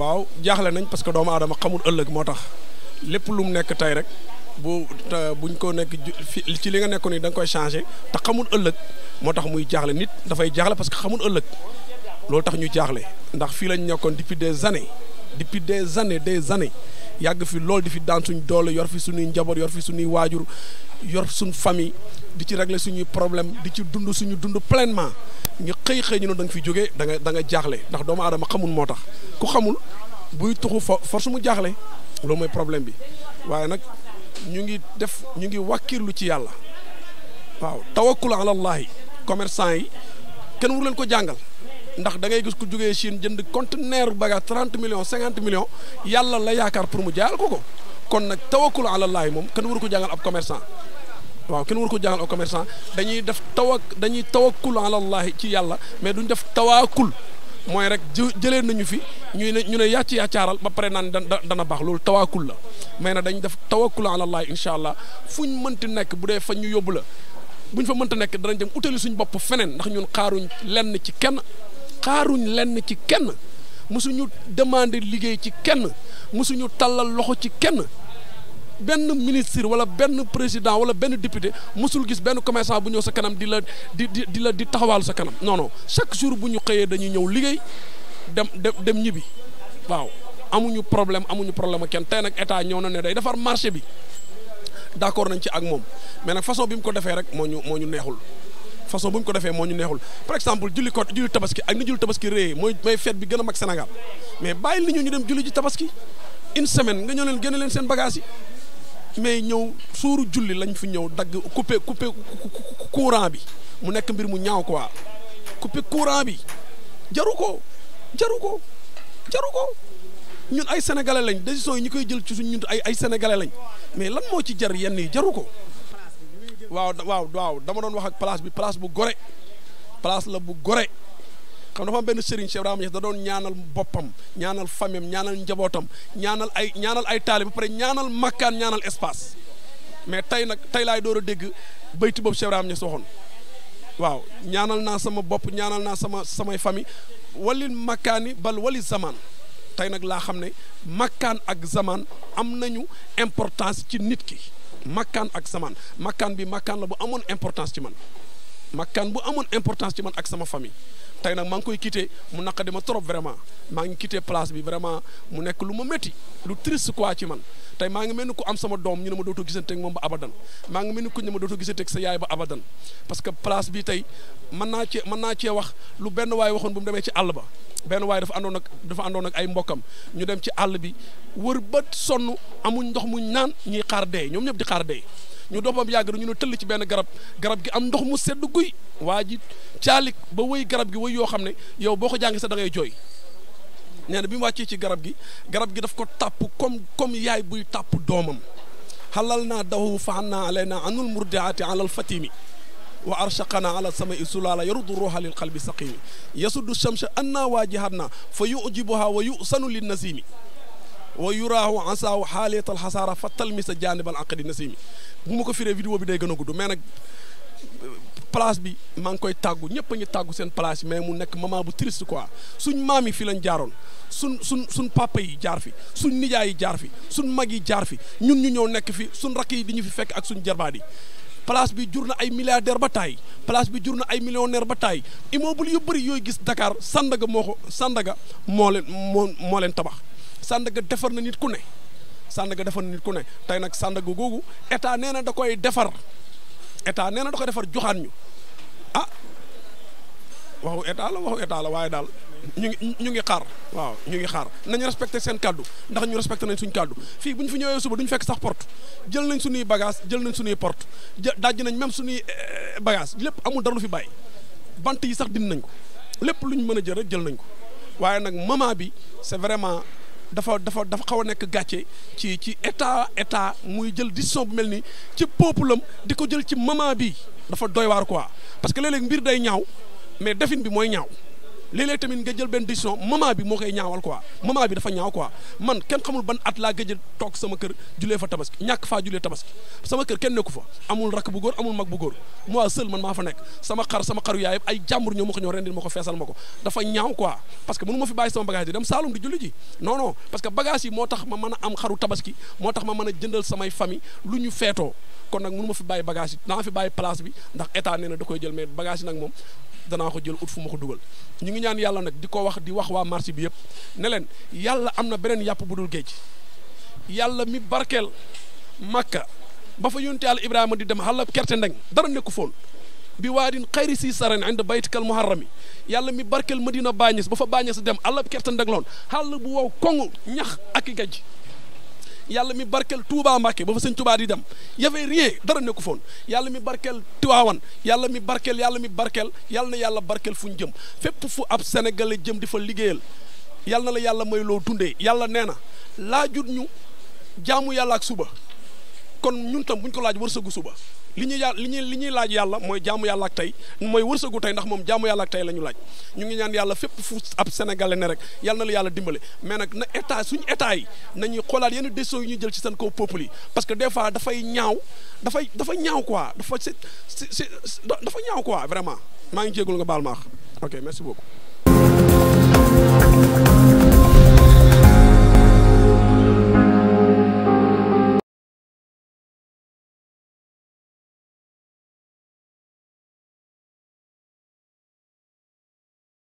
waaw jaaxle nañ parce que doomu aadama xamul ëllëg moo tax lépp lu mu nekk tey rek bu buñ ko nekk ci li nga nekkoon ni da koy changé te xamul ëllëg moo tax muy jaaxle nit dafay jaaxle parce que xamul ëllëg loolu tax ñu jaaxle ndax fii lañ nekkoon depuis des années depuis des années des années yàgg fi lool di fi daan suñ doole yor fi suñuy njaboot yor fi suñuy waajur yor suñu famille di ci réglé suñuy problème di ci dund suñu dund pleinement ñu xëy xëy ñu ne danga nga fi jógee danga nga jaaxle ndax doomu aadama xamul moo tax ku xamul buy tuxu fa force mu jaaxle loolu mooy problème bi waaye nag ñu ngi def ñu ngi wàkkirlu ci yàlla waaw tawakkul ala allah commerçant yi kenn wu leen ko jàngal ndax da ngay gis ku jógee Chine jënd conteneur bagage 30 millions 50 millions yàlla la yaakaar pour mu jaayal ko ko kon nag tawakkul ala allah moom kenn waru ko jàngal ab commerçant. waaw kenn war ko jàngal au commerçant dañuy def tawak dañuy tawakkul alallahi ci yàlla mais duñu def tawaakul mooy rek jë jëlee nañu fi ñu ne ñu ne yàcc yàccaaral ba pare naan dana baax loolu tawaakul la mais nag dañu def tawakkul alallahi incha allah fuñ mënti nekk bu dee fa ñu yóbbu la bu buñ fa mënta nekk danañ dem utali suñu bopp feneen ndax ñun xaaruñ lenn ci kenn xaaruñ lenn ci kenn mosuñu demander liggéey ci kenn mosuñu tàllal loxo ci kenn benn ministre wala benn président wala benn député mosul gis benn commerçant bu ñëw sa kanam di la di di di la di taxawaal sa kanam non non chaque jour bu ñu xëyee dañuy ñëw liggéey dem dem dem ñibbi waaw amuñu problème amuñu problème ak kenn tey nag état ñëw na ne day defar marché bi d'accord nañ ci ak moom mais nag façon bi mu ko defee rek moo ñu moo ñu neexul façon bu mu ko defee moo ñu neexul par exemple julli ko julli tabaski ak ni julli tabaski réyee mooy mooy fête bi gën a mag Sénégal mais bàyyil ni ñu ñu dem julli ji tabaski une semaine nga ñëw leen leen seen bagage yi mais ñëw suuru julli lañ fi ñëw dagg couper couper courant bi mu nekk mbir mu ñaaw quoi kuppe courant bi jaru ko jaru ko jaru ko ñun ay sénégalais lañ décision yi ñu koy jël ci suñ ñun ay ay sénégalais lañ mais lan moo ci jar yenn yi jaru ko. waaw waaw waaw dama doon wax ak place bi place bu gore place la bu gore. xam dafa am benn sëriñ Cheikh Ibrahima Niass doon ñaanal boppam ñaanal famem ñaanal njabootam ñaanal ay ñaanal ay taalibe ba pare ñaanal makkaan ñaanal espace mais tey nag tey laay door a dégg bayti boobu Cheikh Ibrahima Niass waxoon waaw ñaanal naa sama bopp ñaanal naa sama samay famille walil makkaani bal walil zaman tey nag laa xam ne makkaan ak zaman am nañu importance ci nit ki makkaan ak zaman makkaan bi makkaan la bu amoon importance ci man makkaan bu amoon importance ci man ak sama famille tey nag maa ngi koy quitté mu naqadi ma trop vraiment maa ngi quitté place bi vraiment mu nekk lu ma métti lu triste quoi ci man tey maa ngi mel ni ku am sama doom ñu ne ma dootoo gisante ak moom ba abadan maa ngi mel ni ku ñu ma dootoo gisante ak sa yaay ba abadan parce que place bi tey mën naa cee mën naa cee wax lu benn waay waxoon ba mu demee ci àll ba benn waaye dafa àndoon ak dafa andoon ak ay mbokkam ñu dem ci àll bi wër ba sonn amuñ ndox muñ naan ñuy xaar dee ñoom ñëpp di xaar dee ñu doomam yàgg na ñu ne tëll ci benn garab garab gi am ndox mu sedd guy waa ji caalik ba wëy garab gi wëy yoo xam ne yow boo ko jàngi sa da jooy nee na bi mu wàccee ci garab gi garab gi daf ko tàpp kom kom yaay buy tàpp doomam xalal naa dahu fahanna alayna anul murdiati alal fatimi wa arshaqana ala samai sulala yarudu ruha lil qalbi saqimi yasuddu shamsa anna waajihatna fa yujibuha wa yusanu linnasimi wa yuraahu ansaahu xaaliyatal xasaara fa talmisa jaanibal aqdi nasimi bu ma ko firee vidéo bi day gën a gudd mais nag place bi maa ngi koy tàggu ñëpp a tàggu seen place yi mais mu nekk moment bu triste quoi suñ maam yi fi lañ jaaroon suñ suñ suñ papa yi jaar fi suñ nijaay yi jaar fi suñ mag yi jaar fi ñun ñu ñëw nekk fi suñ rakk yi di ñu fi fekk ak suñ jarbaat yi bi jur na ay milliardaire ba taay place bi jur na ay millionnaire ba taay immeuble yu bëri yooyu gis Dakar Sandaga moo ko Sandaga moo leen moo moo leen tabax Sandaga defar na nit ku ne Sandaga defar na nit ku ne tey nag Sandaga googu état nee na da koy defar état nee na da koy defar joxaan ñu ah waxu état la waxu état la waaye daal ñu ngi ñu ngi xaar waaw ñu ngi xaar nañu respecté seen kàddu ndax ñu respecté nañ suñu kàddu fii bu ñu fi ñëwee suba ñu fekk sax port jël nañ suñuy bagage jël nañ suñuy porte dajj nañ même suñuy eh, bagage lépp amul dara lu fi bàyyi bant yi sax din nañ ko lépp luñ mën a jël rek jël nañ ko waaye nag moment bi c'est vraiment dafa dafa dafa xaw a nekk gàcce ci ci état état muy jël di bu mel ni ci peuple am di ko jël ci moment bi dafa doy waar quoi parce que léeg mbir day ñaaw mais defin bi mooy ñaaw. léeg-léeg tamit nga jël benn décision moment bi moo koy ñaawal quoi moment bi dafa ñaaw quoi man kenn xamul ban at laa gëj a toog sama kër julee fa tabaski ñàkk faa julee tabaski sama kër kenn nekku fa amul rakk bu góor amul mag bu góor moi seul man maa fa nekk sama xar sama xaru yaay ay jàmbur ñoo ma ko ñoo rendil ma ko feesal ma ko dafa ñaaw quoi parce que mënu ma fi bàyyi sama bagage yi dem Saalum di julli ji non parce que bagage yi moo tax ma mën a am xaru tabaski moo tax ma mën a jëndal samay famille lu ñu feetoo kon nag mënu ma fi bàyyi bagage yi naa bàyyi place bi ndax état nee na da koy jël mais bagage yi nag moom danaa ko jël ut fu ma ko dugal ñu ngi ñaan yàlla nag di ko wax di wax waa marché bi yëpp ne leen yàlla am na beneen yàpp bu dul géej yàlla mi barkeel màkka ba fa yonte yàlla ibrahima di dem xalab kerte ndeng dara nekku fool bi waa waadin xayri si saren inde baytikal muharrami yàlla mi barkeel madina si ba fa bàññes dem xalab kerte ndeng loon xàll bu wow koŋ ñax ak i gajj yàlla mi barkeel Touba Mbacke ba fa sëñ Touba di dem y'avait rien dara nekku foon yàlla mi barkeel Tiwaawan yàlla mi barkeel yàlla mi barkeel yàlla na yàlla barkeel fu ñu jëm fépp fu ab sénégalais jëm di fa liggéeyal yàlla na la yàlla may loo dundee yàlla nee na laajut ñu jaamu yàlla ak suba kon ñun tam buñ ko laaj wërsëgu suba li ñuy yàlla li ñuy li ñuy laaj yàlla mooy jaamu yàlla ak tey mooy wërsëgu tey ndax moom jaamu yàlla ak tey la ñu laaj ñu ngi ñaan yàlla fépp fu ab sénégalais ne rek yàlla na la yàlla dimbale mais nag na état suñ état yi nañuy xoolaat yenn décisions yi ñuy jël ci seen kaw peuple yi parce que des fois dafay ñaaw dafay dafa ñaaw quoi dafa c'est c'est dafa ñaaw quoi vraiment maa ngi jégalu nga baal maax ok merci beaucoup